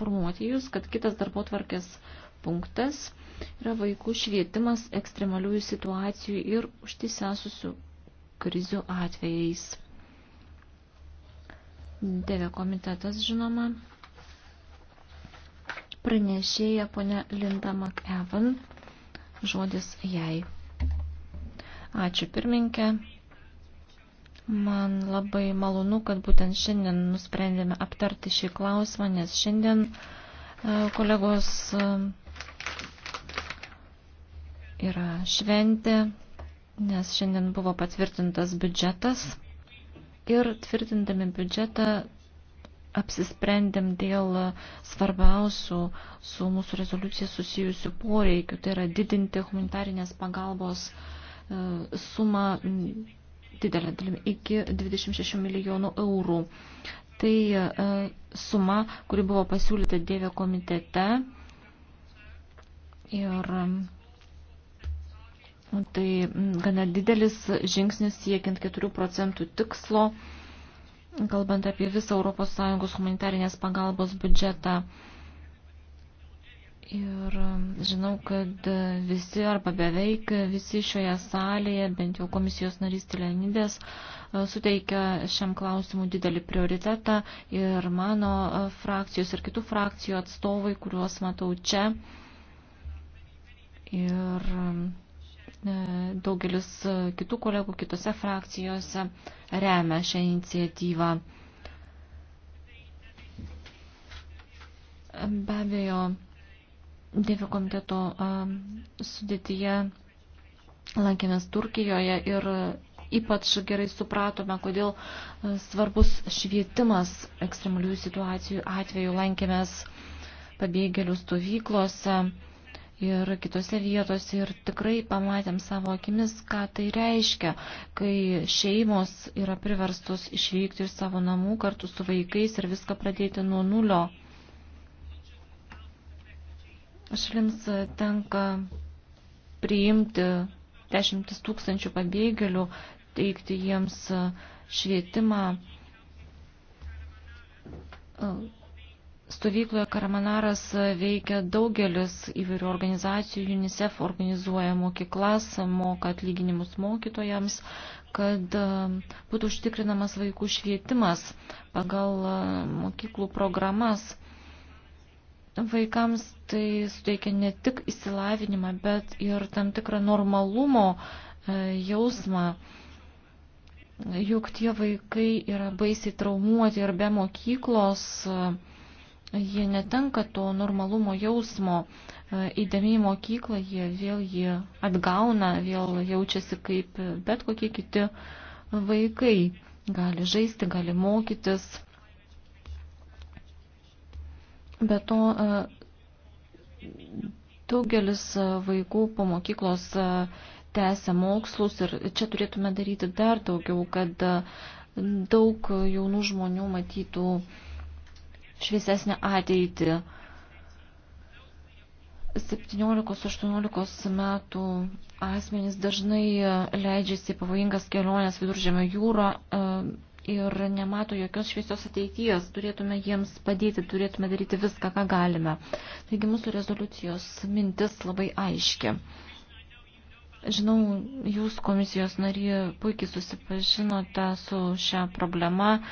informuoti Jūs, kad kitas darbo tvarkės punktas yra vaikų švietimas ekstremaliųjų situacijų ir užtisęsusių krizių atvejais. Dėvė komitetas, žinoma, pranešėja ponia Linda McEvan, žodis jai. Ačiū pirminkė. Man labai malonu, kad būtent šiandien nusprendėme aptarti šį klausimą, nes šiandien e, kolegos e, yra šventė, nes šiandien buvo patvirtintas biudžetas ir tvirtindami biudžetą apsisprendėm dėl svarbiausių su mūsų rezoliucija susijusių poreikių, tai yra didinti humanitarinės pagalbos e, sumą didelė dalimi iki 26 milijonų eurų. Tai e, suma, kuri buvo pasiūlyta Dėvė komitete ir tai gana didelis žingsnis siekiant 4 procentų tikslo, kalbant apie visą ES humanitarinės pagalbos biudžetą. Ir um, žinau, kad e, visi arba beveik visi šioje salėje, bent jau komisijos narys Tilenidės, e, suteikia šiam klausimui didelį prioritetą ir mano e, frakcijos ir kitų frakcijų atstovai, kuriuos matau čia. Ir um, daugelis kitų kolegų kitose frakcijose remia šią iniciatyvą. Be abejo, Dėvio komiteto sudėtyje lankėmės Turkijoje ir ypač gerai supratome, kodėl svarbus švietimas ekstremalių situacijų atveju lankėmės pabėgėlių stovyklose ir kitose vietose ir tikrai pamatėm savo akimis, ką tai reiškia, kai šeimos yra priverstos išvykti iš savo namų kartu su vaikais ir viską pradėti nuo nulio šalims tenka priimti dešimtis tūkstančių pabėgėlių, teikti jiems švietimą. Stovykloje Karamanaras veikia daugelis įvairių organizacijų, UNICEF organizuoja mokyklas, moka atlyginimus mokytojams, kad būtų užtikrinamas vaikų švietimas pagal mokyklų programas Vaikams tai suteikia ne tik įsilavinimą, bet ir tam tikrą normalumo e, jausmą. Juk tie vaikai yra baisiai traumuoti ir be mokyklos e, jie netenka to normalumo jausmo. Įdami e, į mokyklą jie vėl jį atgauna, vėl jaučiasi kaip bet kokie kiti vaikai. Gali žaisti, gali mokytis. Be to, e, daugelis vaikų po mokyklos e, tęsia mokslus ir čia turėtume daryti dar daugiau, kad e, daug jaunų žmonių matytų šviesesnę ateitį. 17-18 metų asmenys dažnai leidžiasi pavojingas keliones viduržėmio jūrą ir nemato jokios šviesios ateities. Turėtume jiems padėti, turėtume daryti viską, ką galime. Taigi mūsų rezoliucijos mintis labai aiški. Žinau, jūs komisijos nariai puikiai susipažinote su šią problemą e,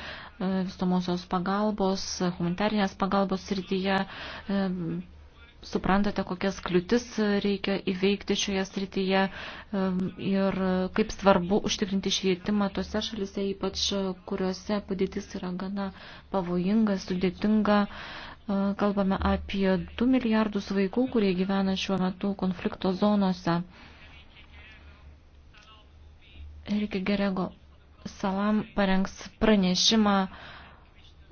visomosios pagalbos, humanitarinės pagalbos srityje e, suprantate, kokias kliūtis reikia įveikti šioje srityje ir kaip svarbu užtikrinti švietimą tose šalise, ypač kuriuose padėtis yra gana pavojinga, sudėtinga. E, kalbame apie 2 milijardus vaikų, kurie gyvena šiuo metu konflikto zonose. Erika Gerego Salam parengs pranešimą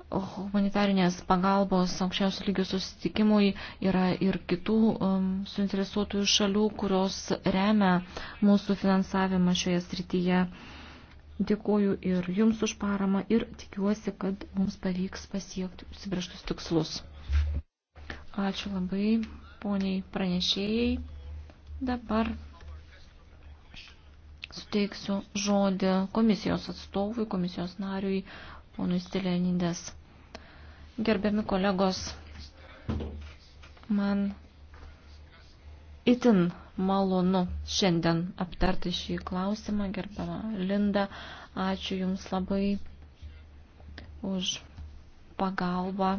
humanitarinės pagalbos aukščiausių lygių susitikimui yra ir kitų um, suinteresuotųjų šalių, kurios remia mūsų finansavimą šioje srityje. Dėkuoju ir Jums už paramą ir tikiuosi, kad mums pavyks pasiekti užsibrieštus tikslus. Ačiū labai, poniai pranešėjai. Dabar suteiksiu žodį komisijos atstovui, komisijos nariui, ponui Stilėnindės. Gerbiami kolegos, man itin malonu šiandien aptarti šį klausimą. Gerbiama Linda, ačiū Jums labai už pagalbą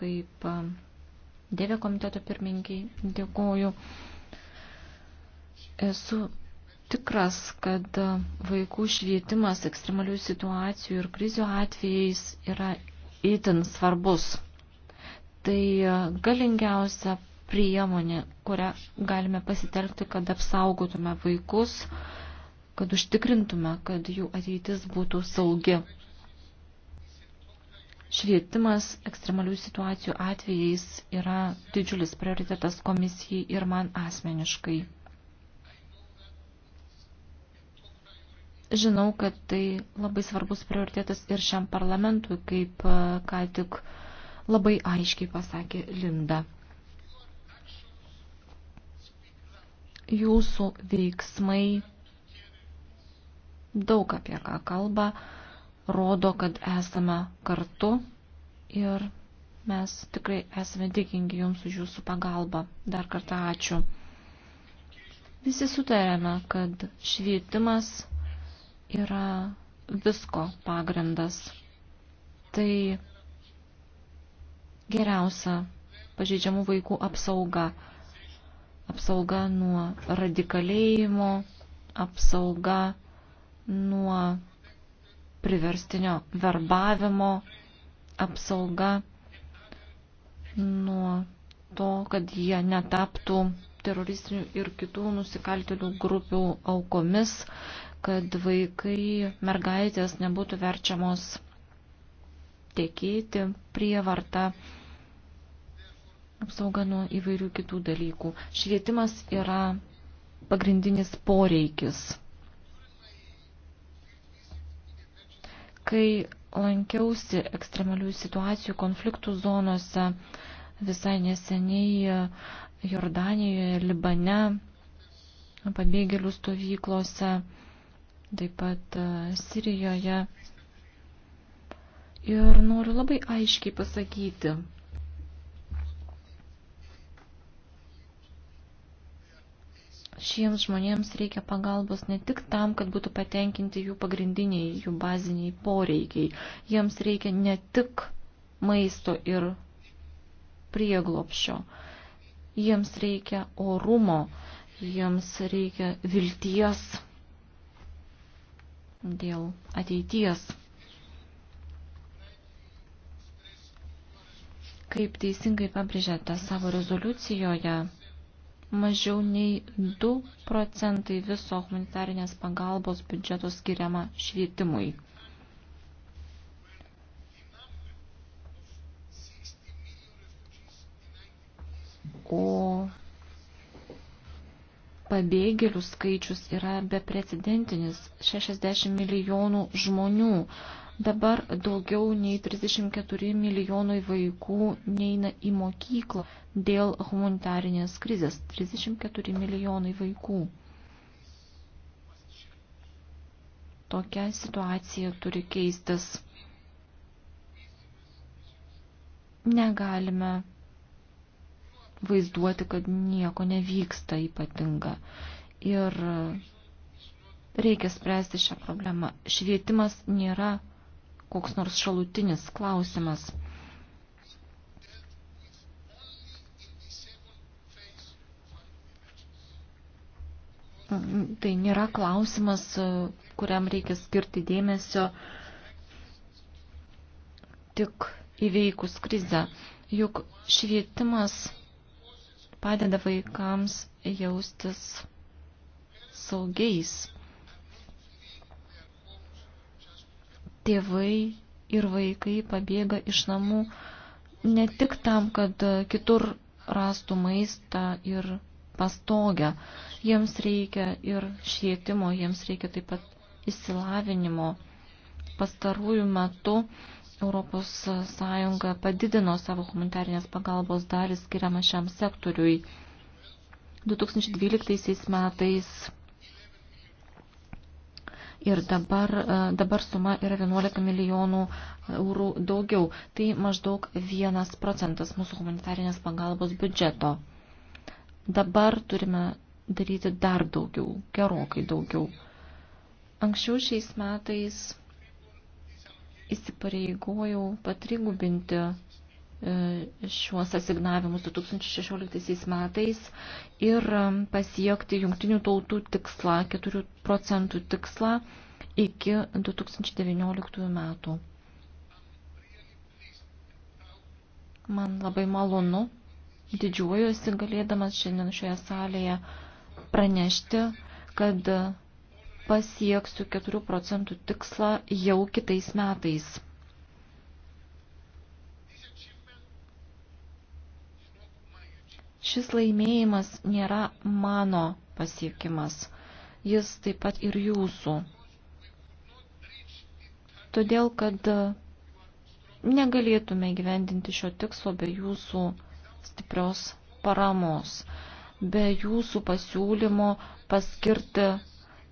kaip Dėvė komiteto pirmininkiai dėkoju. Esu tikras, kad vaikų švietimas ekstremalių situacijų ir krizių atvejais yra itin svarbus. Tai galingiausia priemonė, kurią galime pasitelkti, kad apsaugotume vaikus, kad užtikrintume, kad jų ateitis būtų saugi. Švietimas ekstremalių situacijų atvejais yra didžiulis prioritetas komisijai ir man asmeniškai. Žinau, kad tai labai svarbus prioritetas ir šiam parlamentui, kaip e, ką tik labai aiškiai pasakė Linda. Jūsų veiksmai daug apie ką kalba, rodo, kad esame kartu ir mes tikrai esame dėkingi Jums už Jūsų pagalbą. Dar kartą ačiū. Visi sutarėme, kad švietimas yra visko pagrindas. Tai geriausia pažeidžiamų vaikų apsauga. Apsauga nuo radikalėjimo, apsauga nuo priverstinio verbavimo, apsauga nuo to, kad jie netaptų teroristinių ir kitų nusikaltėlių grupių aukomis, kad vaikai, mergaitės nebūtų verčiamos tekėti prievartą, apsauga nuo įvairių kitų dalykų. Švietimas yra pagrindinis poreikis. Kai lankiausi ekstremalių situacijų konfliktų zonose visai neseniai Jordanijoje, Libane, pabėgėlių stovyklose, taip pat e, Sirijoje. Ir noriu labai aiškiai pasakyti, šiems žmonėms reikia pagalbos ne tik tam, kad būtų patenkinti jų pagrindiniai, jų baziniai poreikiai. Jiems reikia ne tik maisto ir prieglopščio. Jiems reikia orumo, jiems reikia vilties dėl ateities. Kaip teisingai pabrėžėte savo rezoliucijoje, mažiau nei 2 procentai viso humanitarinės pagalbos biudžeto skiriama švietimui. O Pabėgėlių skaičius yra beprecedentinis - 60 milijonų žmonių. Dabar daugiau nei 34 milijonai vaikų neina į mokyklą dėl humanitarinės krizės. 34 milijonai vaikų. Tokia situacija turi keistis. Negalime vaizduoti, kad nieko nevyksta ypatinga. Ir reikia spręsti šią problemą. Švietimas nėra koks nors šalutinis klausimas. Tai nėra klausimas, kuriam reikia skirti dėmesio tik įveikus krizę. Juk švietimas padeda vaikams jaustis saugiais. Tėvai ir vaikai pabėga iš namų ne tik tam, kad kitur rastų maistą ir pastogę. Jiems reikia ir švietimo, jiems reikia taip pat įsilavinimo. Pastarųjų metų Europos Sąjunga padidino savo humanitarinės pagalbos dalį skiriamą šiam sektoriui. 2012 metais ir dabar, e, dabar suma yra 11 milijonų eurų daugiau. Tai maždaug 1 procentas mūsų humanitarinės pagalbos biudžeto. Dabar turime daryti dar daugiau, gerokai daugiau. Anksčiau šiais metais įsipareigojau patrigubinti e, šiuos asignavimus 2016 metais ir pasiekti jungtinių tautų tikslą, 4 procentų tikslą iki 2019 metų. Man labai malonu, didžiuojuosi galėdamas šiandien šioje salėje pranešti, kad pasieksiu 4 procentų tikslą jau kitais metais. Šis laimėjimas nėra mano pasiekimas, jis taip pat ir jūsų. Todėl, kad negalėtume gyvendinti šio tikslo be jūsų stiprios paramos, be jūsų pasiūlymo paskirti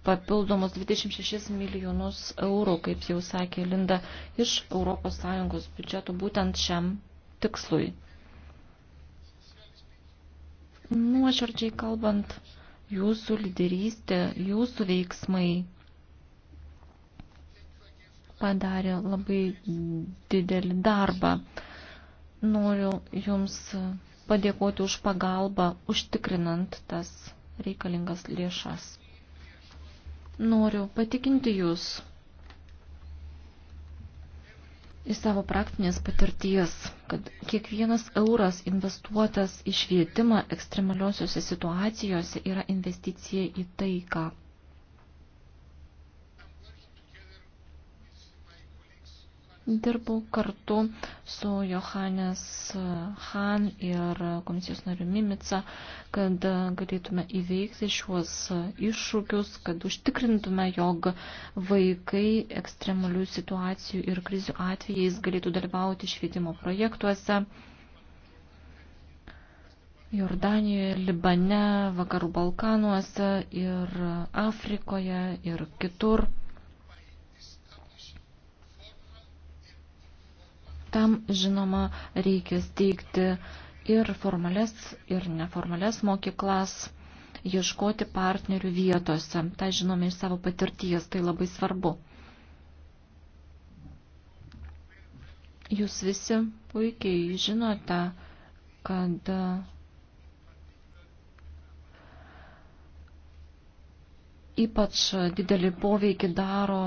papildomus 26 milijonus eurų, kaip jau sakė Linda, iš ES biudžeto būtent šiam tikslui. Nuoširdžiai kalbant, jūsų lyderystė, jūsų veiksmai padarė labai didelį darbą. Noriu Jums padėkoti už pagalbą, užtikrinant tas reikalingas lėšas. Noriu patikinti Jūs iš savo praktinės patirties, kad kiekvienas euras investuotas į švietimą ekstremaliosiuose situacijose yra investicija į taiką. Dirbau kartu su Johannes Han ir komisijos nariu Mimica, kad galėtume įveikti šiuos iššūkius, kad užtikrintume, jog vaikai ekstremalių situacijų ir krizių atvejais galėtų dalyvauti švietimo projektuose. Jordanijoje, Libane, Vakarų Balkanuose ir Afrikoje ir kitur. Tam, žinoma, reikia steigti ir formales, ir neformales mokyklas, ieškoti partnerių vietose. Ta žinome iš savo patirties, tai labai svarbu. Jūs visi puikiai žinote, kad ypač didelį poveikį daro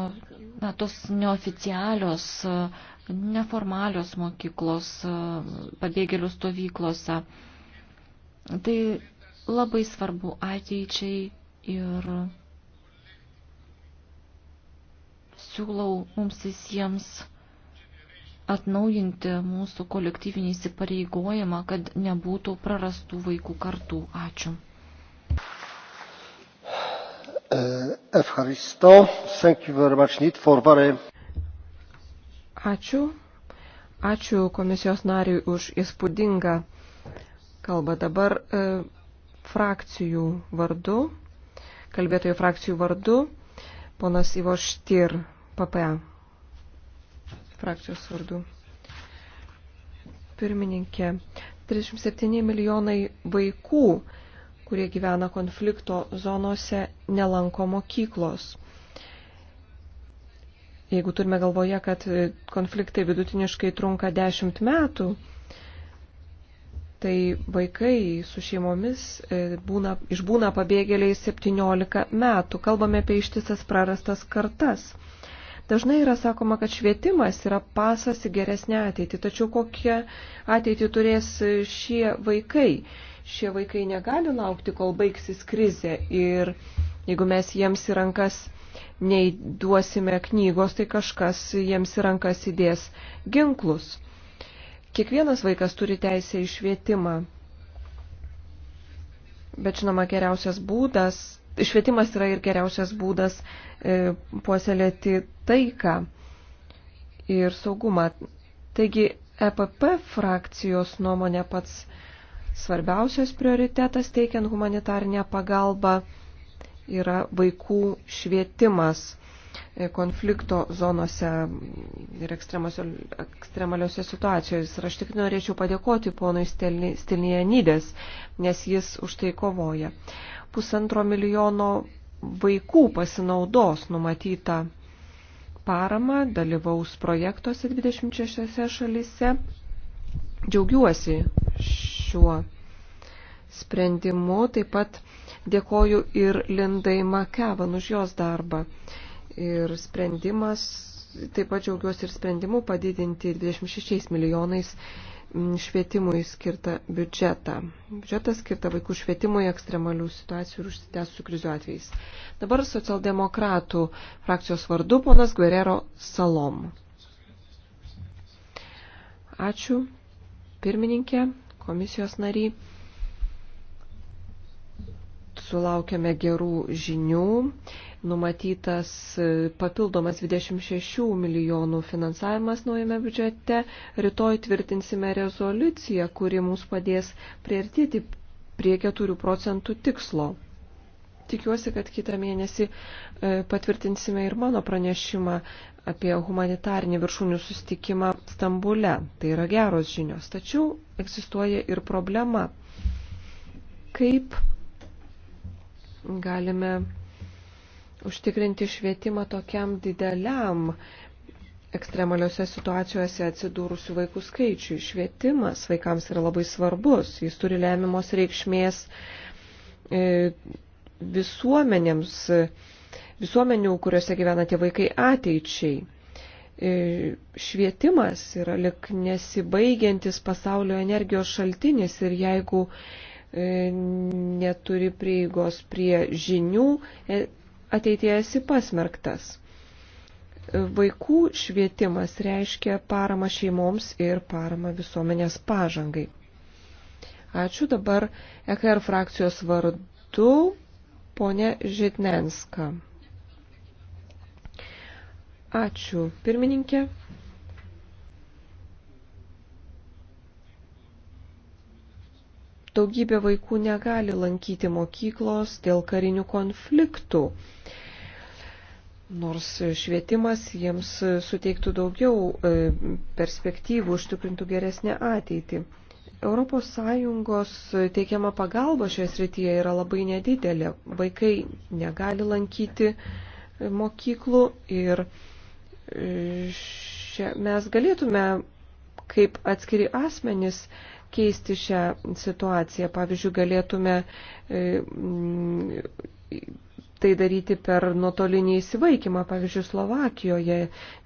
na, tos neoficialios neformalios mokyklos e, pabėgėlių stovyklose. Tai labai svarbu ateičiai ir siūlau mums visiems atnaujinti mūsų kolektyvinį įsipareigojimą, kad nebūtų prarastų vaikų kartų. Ačiū. Efharisto, thank you very much, need for very... Ačiū. Ačiū komisijos nariui už įspūdingą kalbą. Dabar e, frakcijų vardu, kalbėtojų frakcijų vardu, ponas Ivo Štir, PPA. Frakcijos vardu. Pirmininkė, 37 milijonai vaikų, kurie gyvena konflikto zonose, nelanko mokyklos. Jeigu turime galvoje, kad e, konfliktai vidutiniškai trunka dešimt metų, tai vaikai su šeimomis e, būna, išbūna pabėgėliai 17 metų. Kalbame apie ištisas prarastas kartas. Dažnai yra sakoma, kad švietimas yra pasas į geresnę ateitį, tačiau kokią ateitį turės e, šie vaikai. Šie vaikai negali laukti, kol baigsis krizė ir jeigu mes jiems į rankas nei duosime knygos, tai kažkas jiems į rankas įdės ginklus. Kiekvienas vaikas turi teisę į švietimą. Bet žinoma, geriausias būdas, švietimas yra ir geriausias būdas e, puoselėti taiką ir saugumą. Taigi EPP frakcijos nuomonė pats svarbiausias prioritetas teikiant humanitarinę pagalbą yra vaikų švietimas e, konflikto zonose ir ekstremaliuose situacijose. Ir aš tik norėčiau padėkoti ponui Stilnijanydės, nes jis už tai kovoja. Pusantro milijono vaikų pasinaudos numatyta parama, dalyvaus projektuose 26 šalise. Džiaugiuosi šiuo sprendimu. Taip pat Dėkoju ir Lindai Makevan už jos darbą. Ir sprendimas, taip pat džiaugiuosi ir sprendimu padidinti 26 milijonais mm, švietimui skirtą biudžetą. Biudžetą skirtą vaikų švietimui ekstremalių situacijų ir užsitęsusių krizių atvejais. Dabar socialdemokratų frakcijos vardu ponas Guerrero Salom. Ačiū, pirmininkė, komisijos nariai sulaukėme gerų žinių. Numatytas e, papildomas 26 milijonų finansavimas naujame biudžete. Rytoj tvirtinsime rezoliuciją, kuri mums padės priartyti prie 4 procentų tikslo. Tikiuosi, kad kitą mėnesį e, patvirtinsime ir mano pranešimą apie humanitarnį viršūnių sustikimą Stambule. Tai yra geros žinios. Tačiau egzistuoja ir problema. Kaip galime užtikrinti švietimą tokiam dideliam ekstremaliuose situacijose atsidūrusių vaikų skaičiui. Švietimas vaikams yra labai svarbus, jis turi lemiamos reikšmės e, visuomenėms, visuomenių, kuriuose gyvena tie vaikai ateičiai. E, švietimas yra lik nesibaigiantis pasaulio energijos šaltinis ir jeigu E, neturi prieigos prie žinių, e, ateityje esi pasmerktas. E, vaikų švietimas reiškia paramą šeimoms ir paramą visuomenės pažangai. Ačiū dabar EKR frakcijos vardu ponė Žitnenska. Ačiū, pirmininkė. daugybė vaikų negali lankyti mokyklos dėl karinių konfliktų. Nors švietimas jiems suteiktų daugiau e, perspektyvų, užtikrintų geresnę ateitį. ES teikiama pagalba šioje srityje yra labai nedidelė. Vaikai negali lankyti e, mokyklų ir e, šia, mes galėtume kaip atskiri asmenys keisti šią situaciją. Pavyzdžiui, galėtume e, tai daryti per nuotolinį įsivaikymą. Pavyzdžiui, Slovakijoje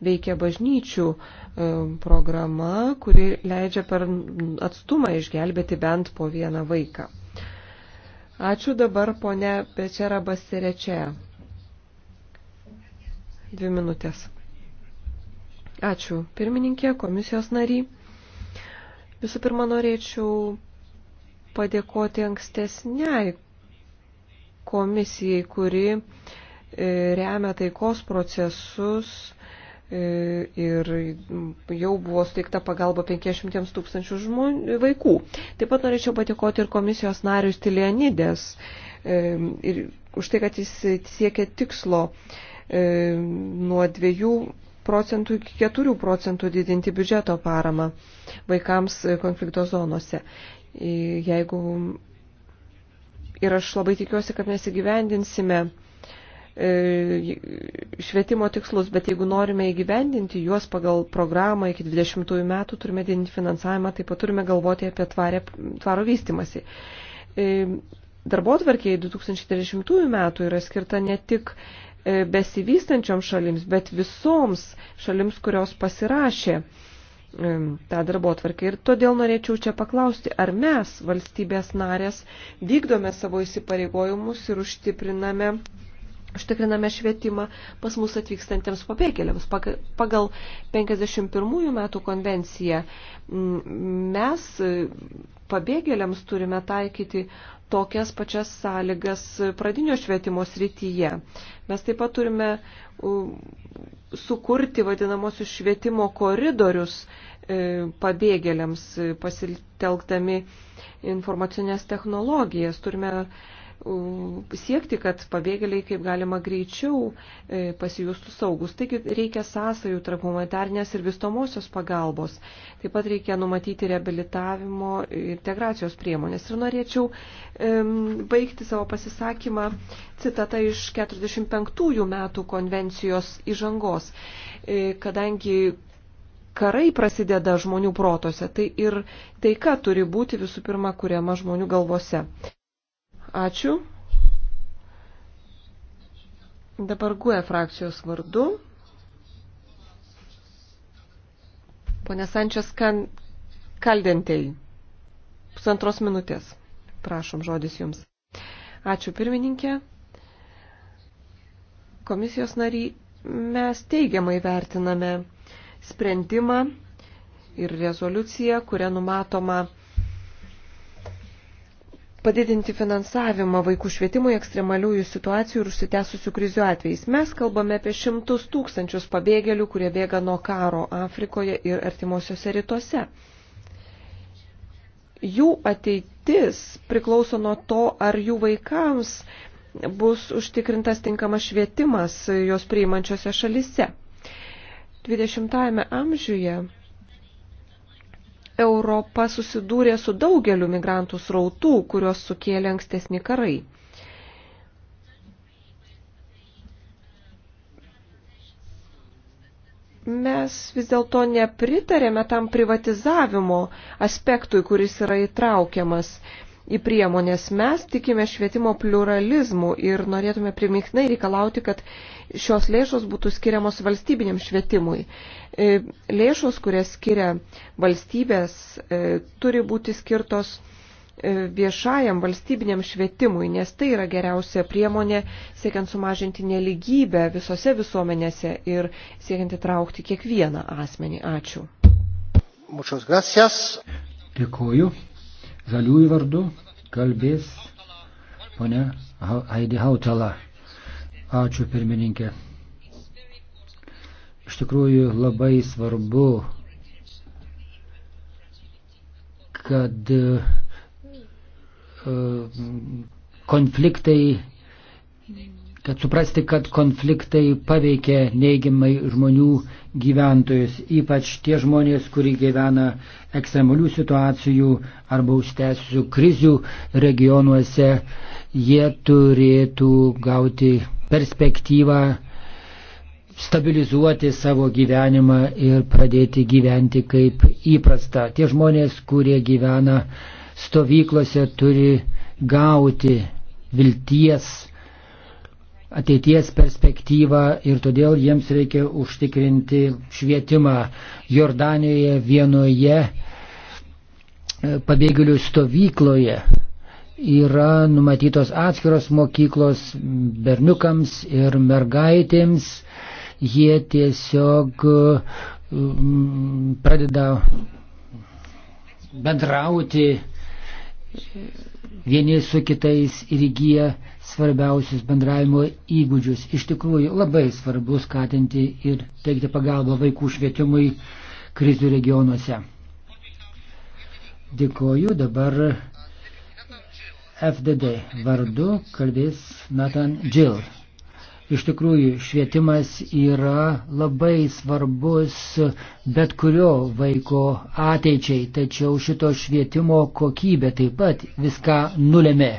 veikia bažnyčių e, programa, kuri leidžia per atstumą išgelbėti bent po vieną vaiką. Ačiū dabar ponė Pečera Basirečia. Dvi minutės. Ačiū pirmininkė, komisijos nariai. Visų pirma, norėčiau padėkoti ankstesniai komisijai, kuri e, remia taikos procesus e, ir jau buvo suteikta pagalba 500 tūkstančių žmonių, vaikų. Taip pat norėčiau patikoti ir komisijos narius Tilianidės e, ir už tai, kad jis siekia tikslo nuo dviejų procentų iki 4 procentų didinti biudžeto paramą vaikams konflikto zonose. Jeigu ir aš labai tikiuosi, kad mes įgyvendinsime e, švietimo tikslus, bet jeigu norime įgyvendinti juos pagal programą iki 20 metų, turime didinti finansavimą, taip pat turime galvoti apie tvarę, tvaro vystimasi. E, Darbo tvarkiai 2030 metų yra skirta ne tik E, besivystančiom šalims, bet visoms šalims, kurios pasirašė e, tą darbo atvarkę. Ir todėl norėčiau čia paklausti, ar mes, valstybės narės, vykdome savo įsipareigojimus ir užtipriname Užtikriname švietimą pas mus atvykstantiems pabėgėliams. Pagal 51 metų konvenciją mm, mes e, pabėgėliams turime taikyti tokias pačias sąlygas pradinio švietimo srityje. Mes taip pat turime sukurti vadinamosius švietimo koridorius e, pabėgėliams e, pasitelkdami informacinės technologijas. Turime siekti, kad pabėgėliai kaip galima greičiau e, pasijūstų saugus. Taigi reikia sąsajų tarp humanitarnės ir vystomosios pagalbos. Taip pat reikia numatyti reabilitavimo ir integracijos priemonės. Ir norėčiau um, baigti savo pasisakymą citata iš 45 metų konvencijos įžangos, e, kadangi karai prasideda žmonių protose, tai ir taika turi būti visų pirma kuriama žmonių galvose. Ačiū. Dabar guoja e frakcijos vardu. Pone Sančias kan... Kaldentei. Pusantros minutės. Prašom, žodis jums. Ačiū pirmininkė. Komisijos nariai, mes teigiamai vertiname sprendimą ir rezoliuciją, kuria numatoma padidinti finansavimą vaikų švietimui ekstremaliųjų situacijų ir užsitęsusių krizių atvejais. Mes kalbame apie šimtus tūkstančius pabėgėlių, kurie bėga nuo karo Afrikoje ir artimuosiuose rytuose. Jų ateitis priklauso nuo to, ar jų vaikams bus užtikrintas tinkamas švietimas jos priimančiose šalise. 20-ame amžiuje Europa susidūrė su daugeliu migrantų srautų, kuriuos sukėlė ankstesni karai. mes vis dėlto nepritarėme tam privatizavimo aspektui, kuris yra įtraukiamas į priemonės. Mes tikime švietimo pluralizmu ir norėtume primiknai reikalauti, kad šios lėšos būtų skiriamos valstybiniam švietimui. E, lėšos, kurias skiria valstybės, e, turi būti skirtos e, viešajam valstybiniam švietimui, nes tai yra geriausia priemonė siekiant sumažinti neligybę visose visuomenėse ir siekiant įtraukti kiekvieną asmenį. Ačiū. Dėkuoju. Žaliųjų vardu kalbės ponia Aidi Hautala. Ačiū pirmininkė. Iš tikrųjų labai svarbu, kad e, konfliktai kad suprasti, kad konfliktai paveikia neigiamai žmonių gyventojus, ypač tie žmonės, kurie gyvena ekstremalių situacijų arba užtęsių krizių regionuose, jie turėtų gauti perspektyvą stabilizuoti savo gyvenimą ir pradėti gyventi kaip įprasta. Tie žmonės, kurie gyvena stovyklose, turi gauti vilties ateities perspektyvą ir todėl jiems reikia užtikrinti švietimą. Jordanijoje vienoje e, pabėgėlių stovykloje yra numatytos atskiros mokyklos berniukams ir mergaitėms. Jie tiesiog e, pradeda bendrauti e, vieni su kitais ir įgyja svarbiausius bendravimo įgūdžius. Iš tikrųjų labai svarbu skatinti ir teikti pagalbą vaikų švietimui krizių regionuose. Dėkoju dabar FDD vardu kalbės Nathan Jill. Iš tikrųjų, švietimas yra labai svarbus bet kurio vaiko ateičiai, tačiau šito švietimo kokybė taip pat viską nulėmė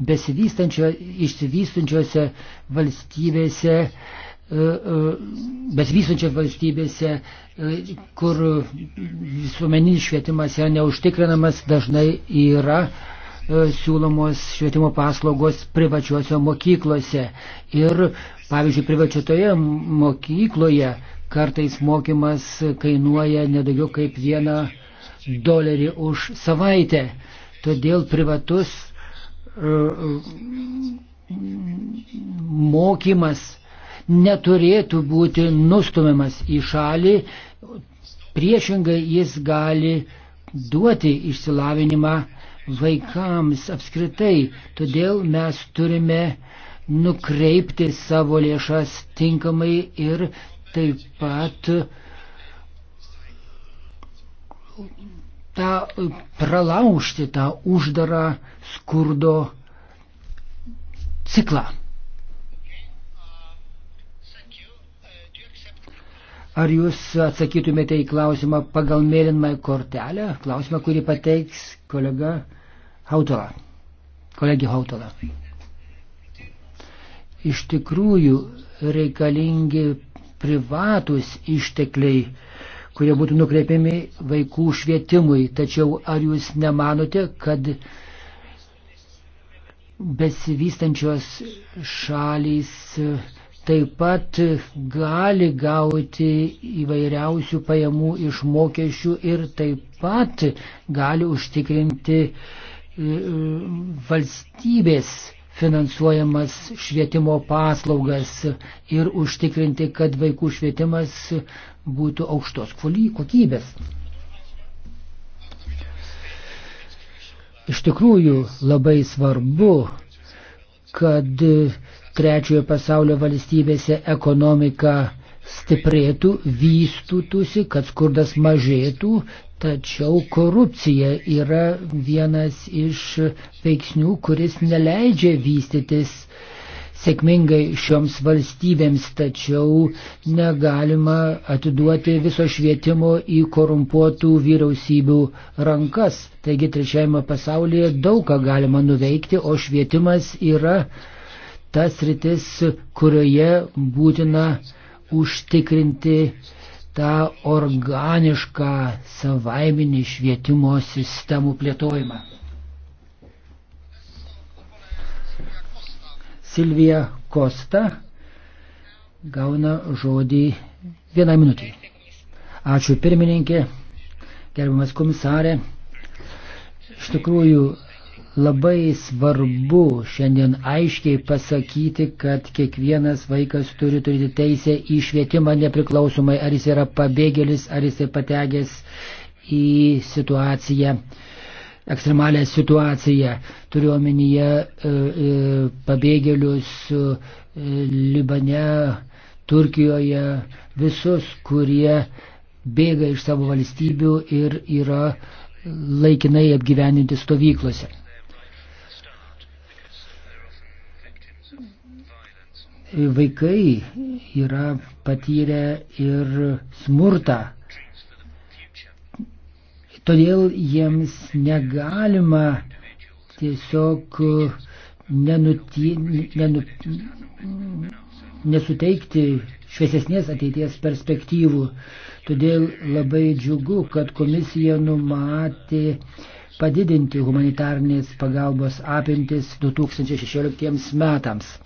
besivystančiose valstybėse, e, e, besivystančiose valstybėse, e, kur visuomeninis švietimas yra neužtikrinamas, dažnai yra siūlomos švietimo paslaugos privačiuose mokyklose. Ir, pavyzdžiui, privačioje mokykloje kartais mokymas kainuoja nedaugiau kaip vieną dolerį už savaitę. Todėl privatus mokymas neturėtų būti nustumiamas į šalį, priešingai jis gali duoti išsilavinimą vaikams apskritai. Todėl mes turime nukreipti savo lėšas tinkamai ir taip pat tą e, pralaužti tą uždarą skurdo ciklą. Ar jūs atsakytumėte į klausimą pagal mėlynąją kortelę, klausimą, kurį pateiks kolega Hautola, kolegė Hautola? Iš tikrųjų reikalingi privatus ištekliai kurie būtų nukreipiami vaikų švietimui. Tačiau ar jūs nemanote, kad besivystančios šalys taip pat gali gauti įvairiausių pajamų iš mokesčių ir taip pat gali užtikrinti e, e, valstybės finansuojamas švietimo paslaugas ir užtikrinti, kad vaikų švietimas būtų aukštos kokybės. Iš tikrųjų labai svarbu, kad trečiojo pasaulio valstybėse ekonomika stiprėtų, vystytųsi, kad skurdas mažėtų, Tačiau korupcija yra vienas iš veiksnių, kuris neleidžia vystytis sėkmingai šioms valstybėms, tačiau negalima atiduoti viso švietimo į korumpuotų vyriausybių rankas. Taigi trečiajame pasaulyje daug ką galima nuveikti, o švietimas yra tas rytis, kurioje būtina užtikrinti tą organišką savaiminį švietimo sistemų plėtojimą. Silvija Kosta gauna žodį vieną minutį. Ačiū pirmininkė, gerbiamas komisarė. Iš tikrųjų, Labai svarbu šiandien aiškiai pasakyti, kad kiekvienas vaikas turi turėti teisę į švietimą nepriklausomai, ar jis yra pabėgėlis, ar jis patekęs į situaciją, ekstremalę situaciją. Turiu omenyje e, e, pabėgėlius e, Libane, Turkijoje, visus, kurie bėga iš savo valstybių ir yra laikinai apgyveninti stovyklose. vaikai yra patyrę ir smurtą. Todėl jiems negalima tiesiog nenuti, nenu, nesuteikti šviesesnės ateities perspektyvų. Todėl labai džiugu, kad komisija numatė padidinti humanitarnės pagalbos apimtis 2016 metams.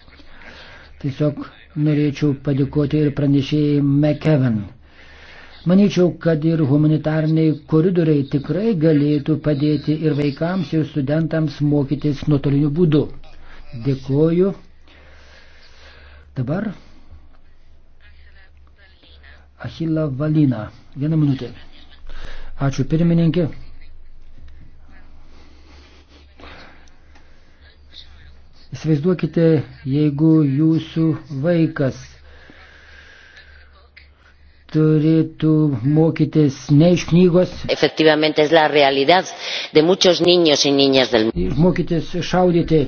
Tiesiog norėčiau padėkoti ir pranešėjai McKevin. Manyčiau, kad ir humanitariniai koridoriai tikrai galėtų padėti ir vaikams, ir studentams mokytis nuotoliniu būdu. Dėkoju. Dabar Achila Valina. Vieną minutę. Ačiū pirmininkė. Įsivaizduokite, jeigu jūsų vaikas turėtų mokytis ne iš knygos. Efectivamente es la realidad de muchos niños y niñas del mundo. Mokytis šaudyti.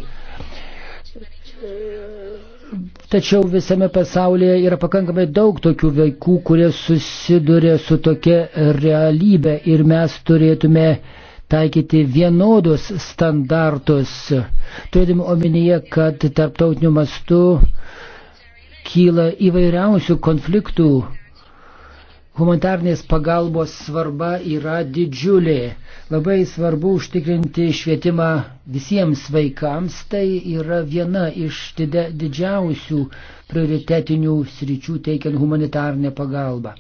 Tačiau visame pasaulyje yra pakankamai daug tokių vaikų, kurie susiduria su tokia realybė ir mes turėtume uh, taikyti vienodus standartus, turim omenyje, kad tarptautiniu mastu kyla įvairiausių konfliktų. Humanitarnės pagalbos svarba yra didžiulė. Labai svarbu užtikrinti švietimą visiems vaikams. Tai yra viena iš didžiausių prioritetinių sričių teikiant humanitarnę pagalbą.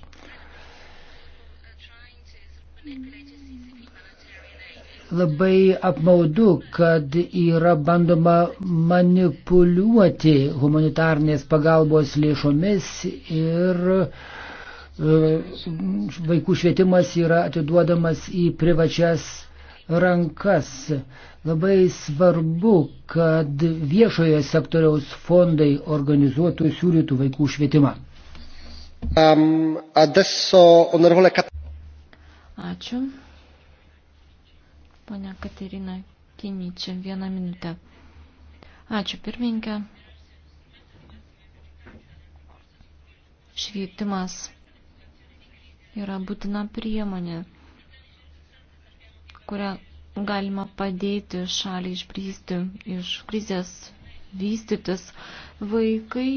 Mm Labai apmaudu, kad yra bandoma manipuliuoti humanitarnės pagalbos lėšomis ir e, vaikų švietimas yra atiduodamas į privačias rankas. Labai svarbu, kad viešojo sektoriaus fondai organizuotų ir siūlytų vaikų švietimą. Um, adesso, Ačiū. Pone Katerina Kiničia, vieną minutę. Ačiū pirmininkė. Švietimas yra būtina priemonė, kurią galima padėti šaliai išbrysti iš krizės, vystytis. Vaikai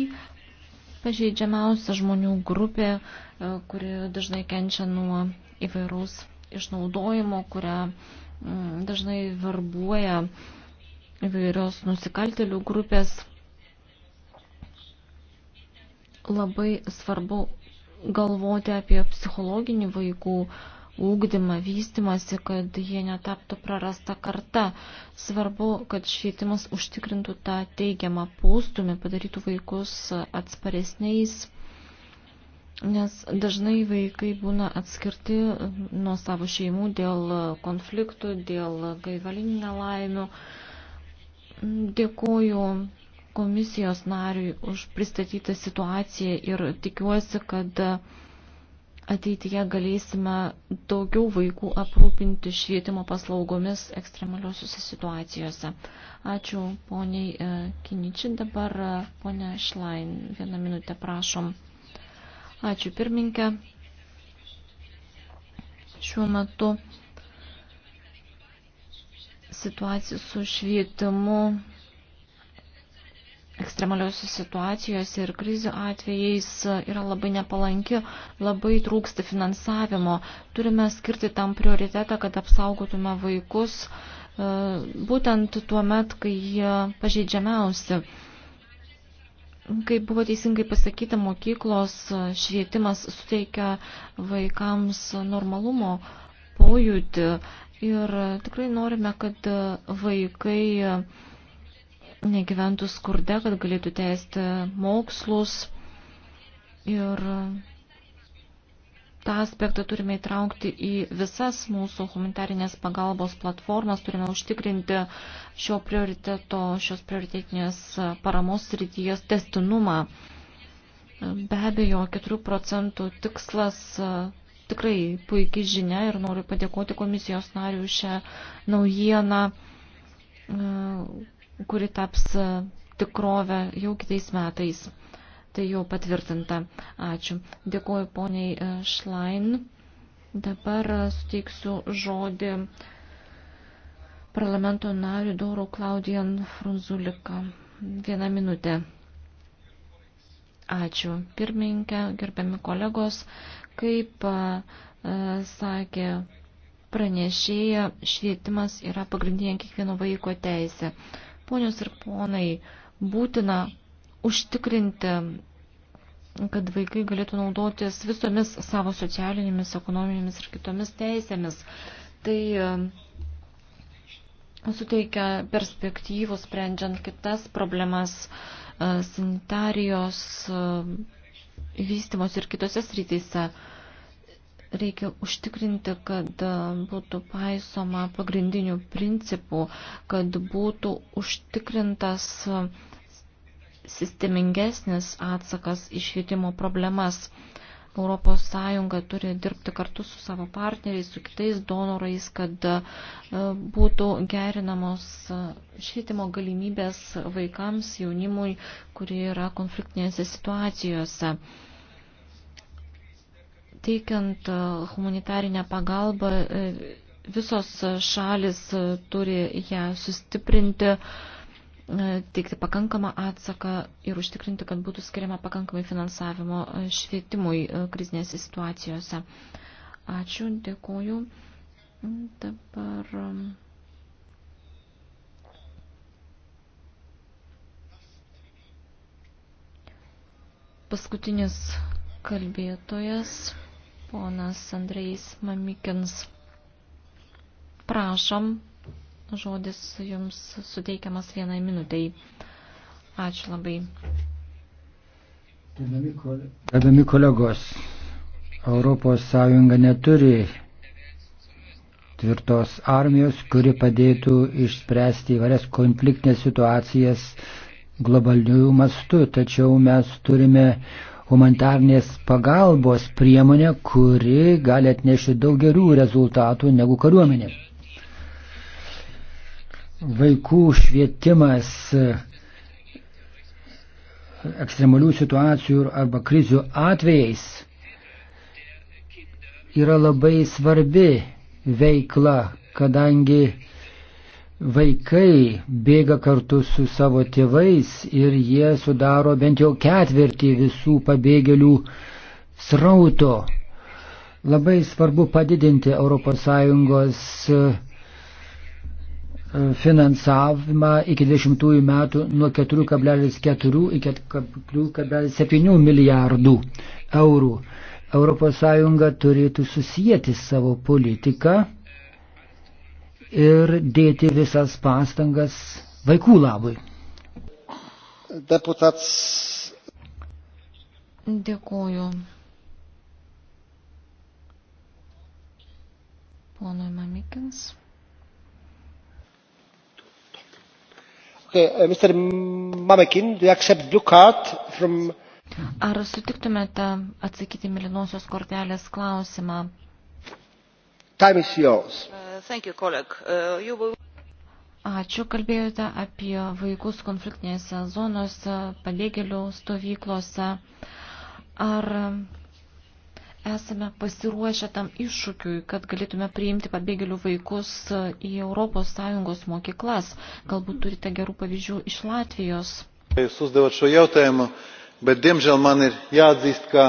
pažeidžiamiausia žmonių grupė, kuri dažnai kenčia nuo įvairaus išnaudojimo, kurią Mm, dažnai varbuoja įvairios nusikaltelių grupės. Labai svarbu galvoti apie psichologinį vaikų ūkdymą, vystimasi, kad jie netaptų prarasta karta. Svarbu, kad švietimas užtikrintų tą teigiamą postumį, padarytų vaikus atsparesniais Nes dažnai vaikai būna atskirti nuo savo šeimų dėl konfliktų, dėl gaivalinių nelaimių. Dėkuoju komisijos nariui už pristatytą situaciją ir tikiuosi, kad ateityje galėsime daugiau vaikų aprūpinti švietimo paslaugomis ekstremaliuosiuose situacijose. Ačiū poniai e, Kiničiai, dabar e, ponia Šlain, vieną minutę prašom. Ačiū pirminkė. Šiuo metu situacija su švietimu ekstremaliausių situacijos ir krizių atvejais yra labai nepalanki, labai trūksta finansavimo. Turime skirti tam prioritetą, kad apsaugotume vaikus e, būtent tuo met, kai jie pažeidžiamiausi. Kaip buvo teisingai pasakyta, mokyklos švietimas suteikia vaikams normalumo pojūtį ir tikrai norime, kad vaikai negyventų skurde, kad galėtų tęsti mokslus ir tą aspektą turime įtraukti į visas mūsų humanitarinės pagalbos platformas, turime užtikrinti šio prioriteto, šios prioritetinės paramos srityjos testinumą. Be abejo, 4 procentų tikslas e, tikrai puikiai žinia ir noriu padėkoti komisijos narių šią naujieną, e, kuri taps e, tikrovę jau kitais metais. Tai jau patvirtinta. Ačiū. Dėkuoju poniai e, Šlain. Dabar e, suteiksiu žodį parlamento nariu Dauro Klaudijan Frunzulika. Vieną minutę. Ačiū. Pirmininkė, gerbiami kolegos, kaip a, e, sakė pranešėja, švietimas yra pagrindinė kiekvieno vaiko teisė. Ponios ir ponai, būtina užtikrinti, kad vaikai galėtų naudotis visomis savo socialinėmis, ekonominėmis ir kitomis teisėmis. Tai e, suteikia perspektyvų sprendžiant kitas problemas e, sanitarijos e, vystimos ir kitose srityse. Reikia užtikrinti, kad būtų paisoma pagrindinių principų, kad būtų užtikrintas uh, sistemingesnis atsakas į švietimo problemas. Europos Sąjunga turi dirbti kartu su savo partneriais, su kitais donorais, kad e, būtų gerinamos e, švietimo galimybės vaikams, jaunimui, kurie yra konfliktinėse situacijose teikiant e, humanitarinę pagalbą, visos šalis turi ją sustiprinti, E, teikti pakankamą atsaką ir užtikrinti, kad būtų skiriama pakankamai finansavimo e, švietimui e, krizinėse situacijose. Ačiū, dėkoju. Mm, dabar. Paskutinis kalbėtojas, ponas Andrejs Mamikins. Prašom, žodis jums suteikiamas vienai minutiai. Ačiū labai. Gerbiami kolegos, Europos Sąjunga neturi tvirtos armijos, kuri padėtų išspręsti įvairias konfliktinės situacijas globalių mastų, tačiau mes turime humanitarnės pagalbos priemonę, kuri gali atnešti daug gerų rezultatų negu kariuomenė vaikų švietimas ekstremalių situacijų arba krizių atvejais yra labai svarbi veikla, kadangi vaikai bėga kartu su savo tėvais ir jie sudaro bent jau ketvirtį visų pabėgėlių srauto. Labai svarbu padidinti ES finansavimą iki 20 metų nuo 4,4 iki 4,7 milijardų eurų. ES turėtų susijęti savo politiką ir dėti visas pastangas vaikų labui. Deputats. Dėkuoju. Ponui Mamikins. Uh, Ar sutiktumėte atsakyti Milinosios kortelės klausimą? Time is yours. Uh, thank you, colleague. Uh, you will... Ačiū, kalbėjote apie vaikus konfliktinėse zonose, pabėgėlių stovyklose. Ar esame pasiruošę tam iššūkiui, kad galėtume priimti pabėgėlių vaikus į ES mokyklas. Galbūt turite gerų pavyzdžių iš Latvijos. Jūs uždavot šio jautājimo, bet diemžel man ir jāatzīst, ka.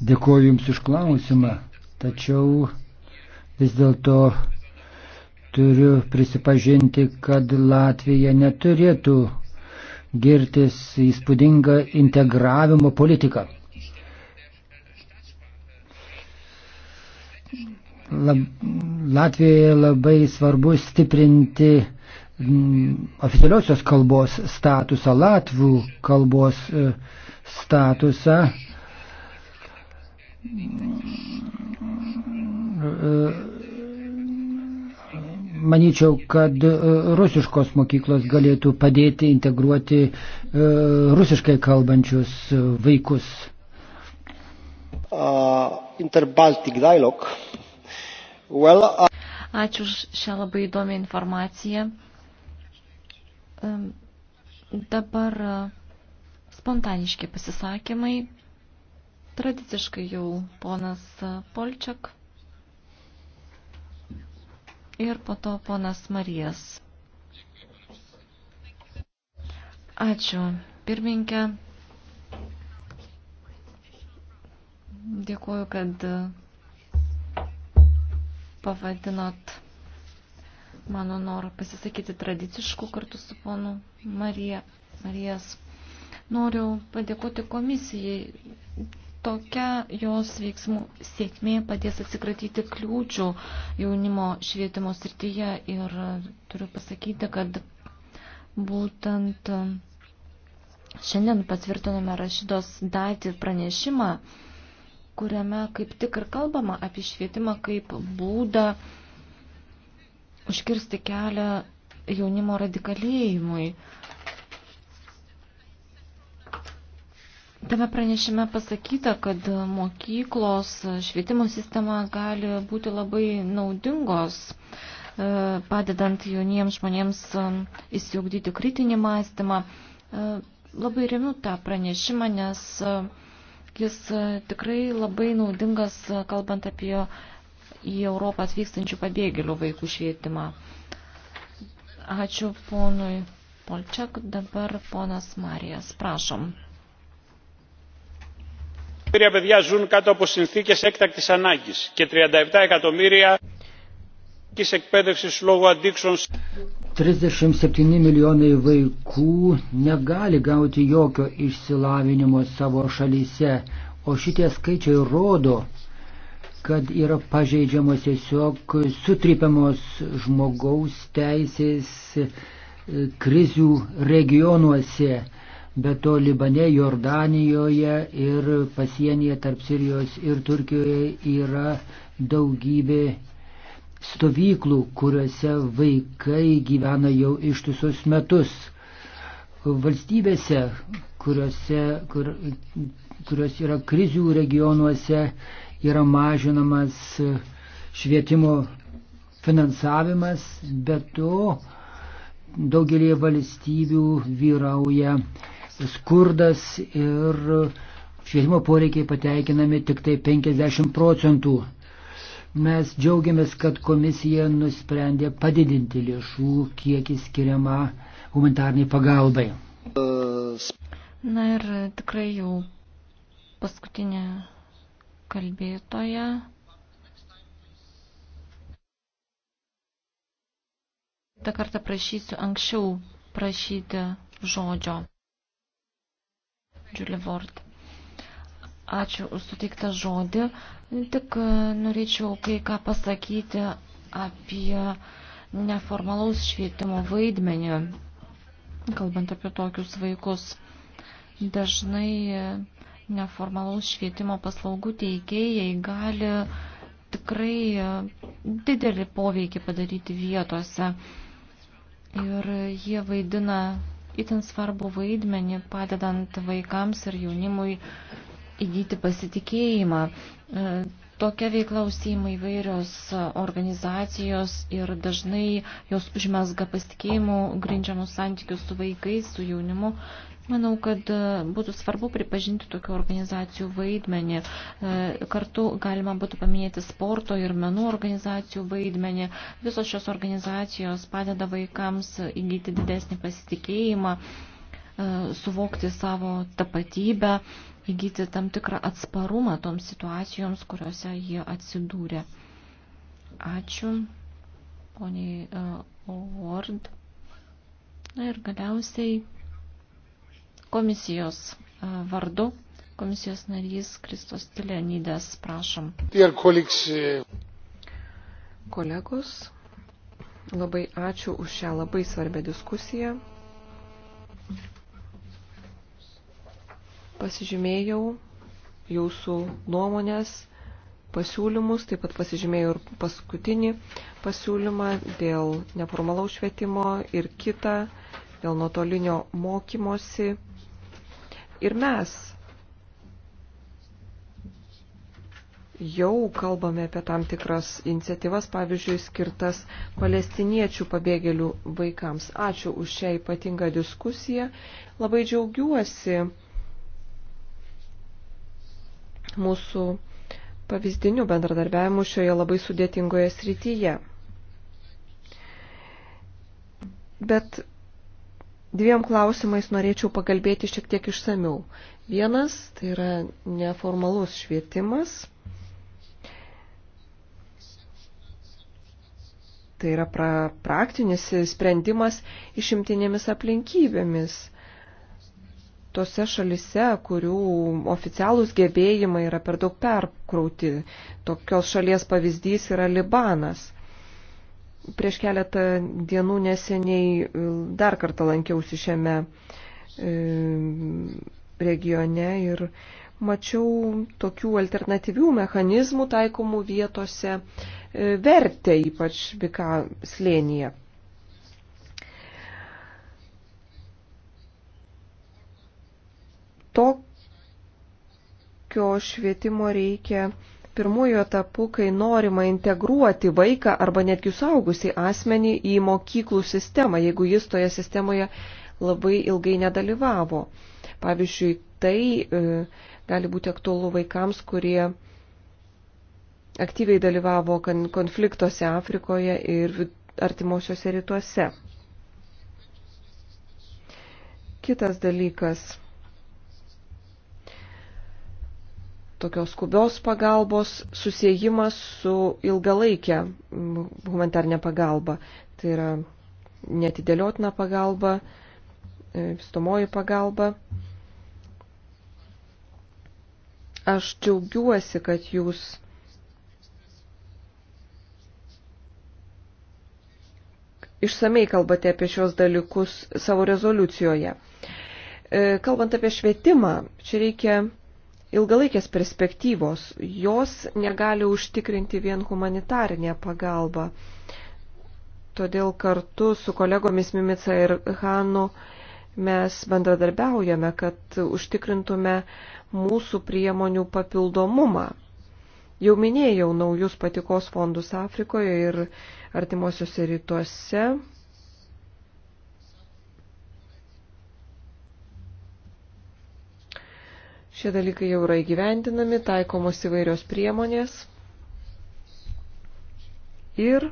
Dėkuoju Jums už klausimą, tačiau vis dėlto turiu prisipažinti, kad Latvija neturėtų girtis įspūdingą integravimo politiką. lab, Latvijoje labai svarbu stiprinti oficialiosios kalbos statusą, latvių kalbos e, statusą. E, manyčiau, kad e, rusiškos mokyklos galėtų padėti integruoti rusiškai kalbančius vaikus. Uh, Interbaltic dialogue Well, uh... Ačiū už šią labai įdomią informaciją. Dabar e, spontaniški pasisakymai. Tradiciškai jau ponas e, Polčiak ir po to ponas Marijas. Ačiū, pirminkė. Dėkuoju, kad e, pavadinot mano norą pasisakyti tradiciškų kartu su ponu Marija, Marijas. Noriu padėkoti komisijai. Tokia jos veiksmų sėkmė padės atsikratyti kliūčių jaunimo švietimo srityje ir turiu pasakyti, kad būtent šiandien patvirtinome Rašydos datį pranešimą kuriame kaip tik ir kalbama apie švietimą kaip būdą užkirsti kelią jaunimo radikalėjimui. Tame pranešime pasakyta, kad mokyklos švietimo sistema gali būti labai naudingos, e, padedant jauniems žmonėms e, įsiugdyti kritinį mąstymą. E, labai remiu tą pranešimą, nes Jis e, tikrai labai naudingas, e, kalbant apie į Europą atvykstančių pabėgėlių vaikų švietimą. Ačiū ponui Polčiak, dabar ponas Marijas, prašom. Τρία παιδιά ζουν κάτω από συνθήκες έκτακτης ανάγκης και 37 εκατομμύρια 37 milijonai vaikų negali gauti jokio išsilavinimo savo šalyse, o šitie skaičiai rodo, kad yra pažeidžiamos tiesiog sutrypiamos žmogaus teisės e, krizių regionuose, bet to Libane, Jordanijoje ir pasienyje tarp Sirijos ir Turkijoje yra daugybė stovyklų, kuriuose vaikai gyvena jau ištisus metus. Valstybėse, kuriuose, kur, kurios yra krizių regionuose, yra mažinamas švietimo finansavimas, bet to daugelį valstybių vyrauja skurdas ir švietimo poreikiai pateikinami tik tai 50 procentų Mes džiaugiamės, kad komisija nusprendė padidinti lėšų kiekį skiriamą humanitarniai pagalbai. Na ir tikrai jau paskutinė kalbėtoja. Kita kartą prašysiu anksčiau prašyti žodžio. Julie Ward. Ačiū už suteiktą žodį. Tik e, norėčiau kai ką pasakyti apie neformalaus švietimo vaidmenį, kalbant apie tokius vaikus. Dažnai neformalaus švietimo paslaugų teikėjai gali tikrai e, didelį poveikį padaryti vietose. Ir jie vaidina itin svarbu vaidmenį, padedant vaikams ir jaunimui įgyti pasitikėjimą. E, tokia veikla užsima įvairios organizacijos ir dažnai jos užmesga pasitikėjimų grindžiamus santykius su vaikais, su jaunimu. Manau, kad e, būtų svarbu pripažinti tokių organizacijų vaidmenį. E, kartu galima būtų paminėti sporto ir menų organizacijų vaidmenį. Visos šios organizacijos padeda vaikams įgyti didesnį pasitikėjimą E, suvokti savo tapatybę, įgyti tam tikrą atsparumą toms situacijoms, kuriuose jie atsidūrė. Ačiū, poniai e, Ward. Na ir galiausiai komisijos e, vardu. Komisijos narys Kristos Tilenydės, prašom. Kolegos, labai ačiū už šią labai svarbę diskusiją. pasižymėjau jūsų nuomonės, pasiūlymus, taip pat pasižymėjau ir paskutinį pasiūlymą dėl neformalaus švietimo ir kitą, dėl nuotolinio mokymosi. Ir mes jau kalbame apie tam tikras iniciatyvas, pavyzdžiui, skirtas palestiniečių pabėgėlių vaikams. Ačiū už šią ypatingą diskusiją. Labai džiaugiuosi mūsų pavyzdinių bendradarbiavimų šioje labai sudėtingoje srityje. Bet dviem klausimais norėčiau pakalbėti šiek tiek išsamiau. Vienas tai yra neformalus švietimas. Tai yra pra, praktinis sprendimas išimtinėmis aplinkybėmis tose šalise, kurių oficialūs gebėjimai yra per daug perkrauti. Tokios šalies pavyzdys yra Libanas. Prieš keletą dienų neseniai e, dar kartą lankiausi šiame e, regione ir mačiau tokių alternatyvių mechanizmų taikomų vietose e, vertę, ypač Bika slėnyje. Tokio švietimo reikia pirmųjų etapų, kai norima integruoti vaiką arba netgi suaugusi asmenį į mokyklų sistemą, jeigu jis toje sistemoje labai ilgai nedalyvavo. Pavyzdžiui, tai e, gali būti aktualu vaikams, kurie aktyviai dalyvavo konfliktuose Afrikoje ir artimuosiuose rytuose. Kitas dalykas tokios skubios pagalbos susijimas su ilgalaikė humanitarnė pagalba. Tai yra netidėliotina pagalba, e, stomoji pagalba. Aš džiaugiuosi, kad jūs išsamei kalbate apie šios dalykus savo rezoliucijoje. E, kalbant apie švietimą, čia reikia ilgalaikės perspektyvos. Jos negali užtikrinti vien humanitarinę pagalbą. Todėl kartu su kolegomis Mimica ir Hanu mes bendradarbiaujame, kad užtikrintume mūsų priemonių papildomumą. Jau minėjau naujus patikos fondus Afrikoje ir artimuosiuose rytuose. Šie dalykai jau yra įgyvendinami, taikomos įvairios priemonės. Ir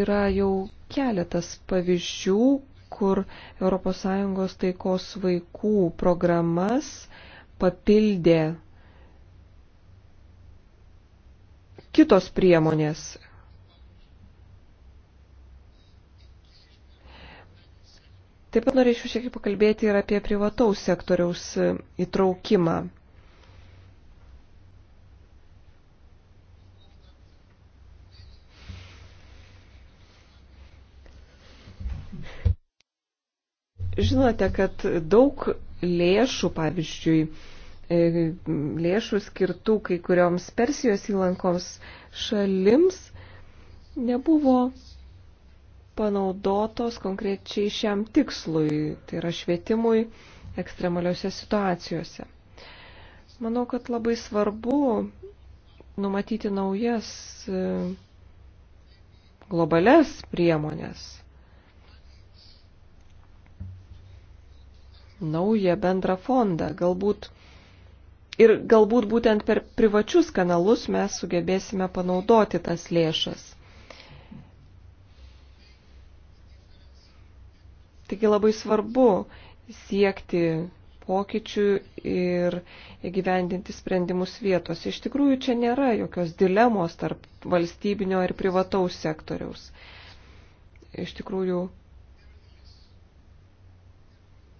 yra jau keletas pavyzdžių, kur ES taikos vaikų programas papildė kitos priemonės Taip pat norėčiau šiek tiek pakalbėti ir apie privataus sektoriaus e, įtraukimą. Žinote, kad daug lėšų, pavyzdžiui, e, lėšų skirtų kai kurioms Persijos įlankoms šalims nebuvo panaudotos konkrečiai šiam tikslui, tai yra švietimui ekstremaliuose situacijose. Manau, kad labai svarbu numatyti naujas e, globales priemonės, naują bendrą fondą, galbūt ir galbūt būtent per privačius kanalus mes sugebėsime panaudoti tas lėšas. Taigi labai svarbu siekti pokyčių ir įgyvendinti sprendimus vietos. Iš tikrųjų, čia nėra jokios dilemos tarp valstybinio ir privataus sektoriaus. Iš tikrųjų,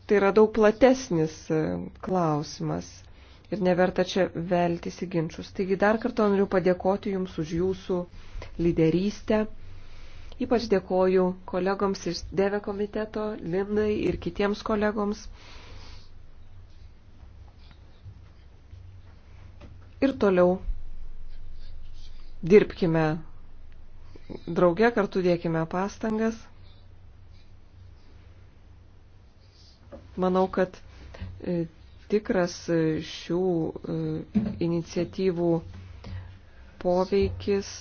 tai yra daug platesnis e, klausimas ir neverta čia veltis į ginčius. Taigi dar kartą noriu padėkoti Jums už Jūsų lyderystę. Ypač dėkoju kolegoms iš Deve komiteto, Lindai ir kitiems kolegoms. Ir toliau dirbkime drauge, kartu dėkime pastangas. Manau, kad e, tikras e, šių e, iniciatyvų poveikis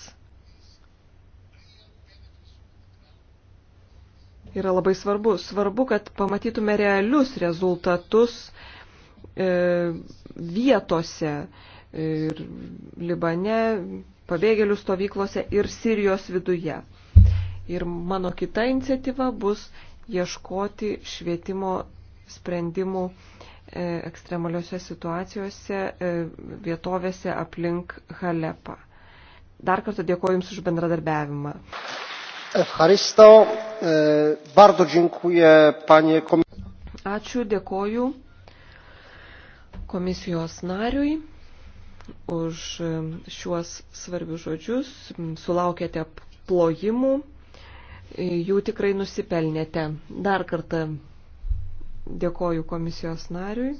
yra labai svarbu. Svarbu, kad pamatytume realius rezultatus e, vietose e, ir Libane, pabėgėlių stovyklose ir Sirijos viduje. Ir mano kita iniciatyva bus ieškoti švietimo sprendimų e, ekstremaliuose situacijose e, vietovėse aplink Halepą. Dar kartą dėkoju Jums už bendradarbiavimą. E, Ačiū, dėkoju komisijos nariui už šiuos svarbius žodžius. Sulaukėte plojimų, jų tikrai nusipelnėte. Dar kartą dėkoju komisijos nariui.